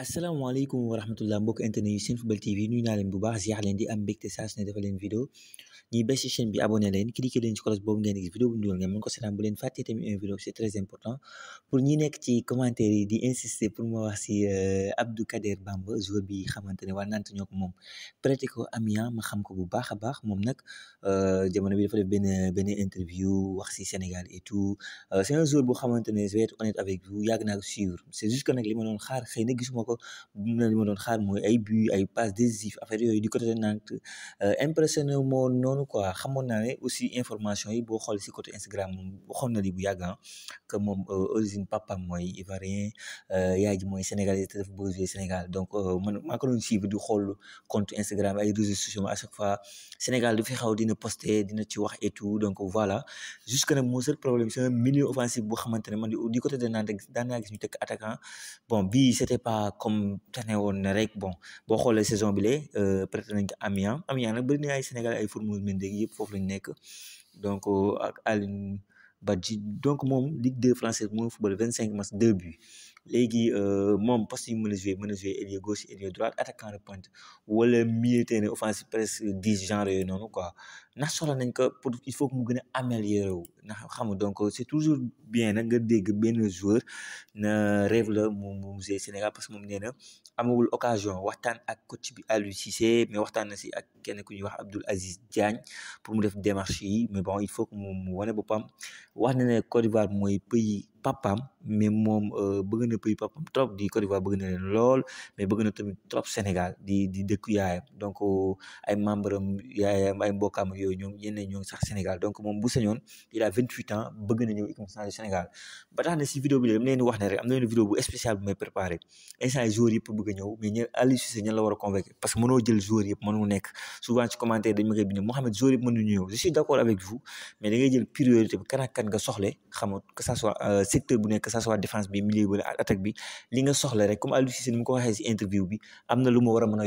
asalaamaaleykum wa rahmatullah mbokk internet yu Senfootball TV nuyu naa leen bu baax ziar leen di am mbégte saa ne dafa leen vidéo ñuy bés ci bi abonné leen cliqué leen ci bu ñu dugal ngeen mën ko seetaan bu leen fàttee ci commentaire yi di insister euh, bi bu baax a baax moom nag euh, jamono bi dafa def benn benn interview wax si boo et tout euh, boo xamante ne je vais être honnête avec c'est juste que nag li ma doon xaar xëy ko dina li ma doon xaar mooy ay but ay passes décisives affaire yooyu du côté de Nantes euh, impressionné moo noonu quoi xamoon naa ne aussi information yi boo xool si côté Instagram waxoon na li bu yàgg ah, que moom euh, origine papa mooy ivarien euh, yaay ji mooy sénégalais te dafa bëgg jouer Sénégal donc man maa ko doon suivre di xool compte Instagram ay réseaux sociaux à chaque fois Sénégal du fi xaw dina poster dina ci wax et tout donc voilà jusque nag mon seul problème c'est un milieu offensif boo xamante ne man du côté de Nantes daan naa gis ñu attaquant bon bii c'était pas comme tane won rek bon bo xolé saison bi lé euh prêté nañ ko Amiens Amiens nag bëri na ay Sénégal ay Formose Mendy yépp fofu lañ nekk donc euh, ak Aline Badji donc moom Ligue 2 française mooy football 25 matchs 2 buts léegi euh, moom poste yu mën a joué mën a joué ailier gauche ailier droite attaquant de pointe wala milieu terrain offensif presque 10 genre yooyu noonu quoi ndax soxla nañ ko pour il faut que mu gën a améliorer wu ndax xam nga donc c' est toujours bien nag nga dégg benn joueur na rêve la mu mu Sénégal parce que moom nee na amagul occasion waxtaan ak coach bi Aliou Cissé mais waxtaan na si ak kenn ku ñuy wax Abdoul Aziz Diagne pour mu def démarche yi mais bon il faut que mu mu wane boppam. wax na ne Côte d'Ivoire mooy pays papam mais mom euh, bëgg na pays papam trop di Côte d'Ivoire bëgg na leen lool mais bëgg na tamit trop Sénégal di di dëkku yaayam donc euh, ay membre am ay mbokam yoy ñom ñeneen ñoo sax Sénégal donc mom bu sañoon il a 28 ans bëgg na ñëw équipe nationale Sénégal ba tax na ci vidéo bi léegi dama leen wax ne rek am na leen vidéo bu spécial bu may préparé instant joueurs yëpp bëgg ñëw mais ñe ali Cissé ñan la war convaincre parce que mëno jël joueurs yëpp mënu nekk souvent ci commentaire dañ ma koy bind Mohamed joueurs yëpp mënuñu ñëw je suis d'accord avec vous mais da ngay jël priorité bi kan ak kan nga soxlé xam que ça soit euh, secteur bu nekk que ça soit défense bi milieu bi wala attaque bi li nga rek comme Aliou Cissé ni mu ko waxee si interview bi am na lu mu war a mën a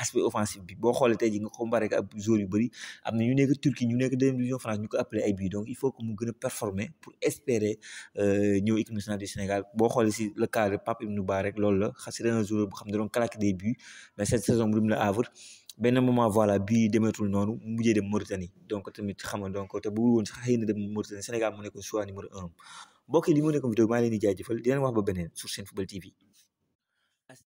aspect offensif bi boo xoolee tey ji nga comparé ak joueur yu bëri am na ñu nekk Turquie ñu nekk deuxième division France ñu ko appelé ay bii donc il faut que mu gën a performer pour espérer euh, ñëw équipe nationale du Sénégal boo xoolee si le cas de Pape Ibnou Ba rek loolu la xas un joueur bu xam ne doon claquer des buts mais cette saison bu mu la Havre benn moment voilà bii demeetul noonu mu mujjee dem Mauritanie donc tamit xam nga donc te bu woon sax xëy na dem Mauritanie Sénégal mu nekkoon choix numéro un mbokk yi li mu nekkoon vidéo maa leen di jaajëfal di leen wax ba beneen sur Football TV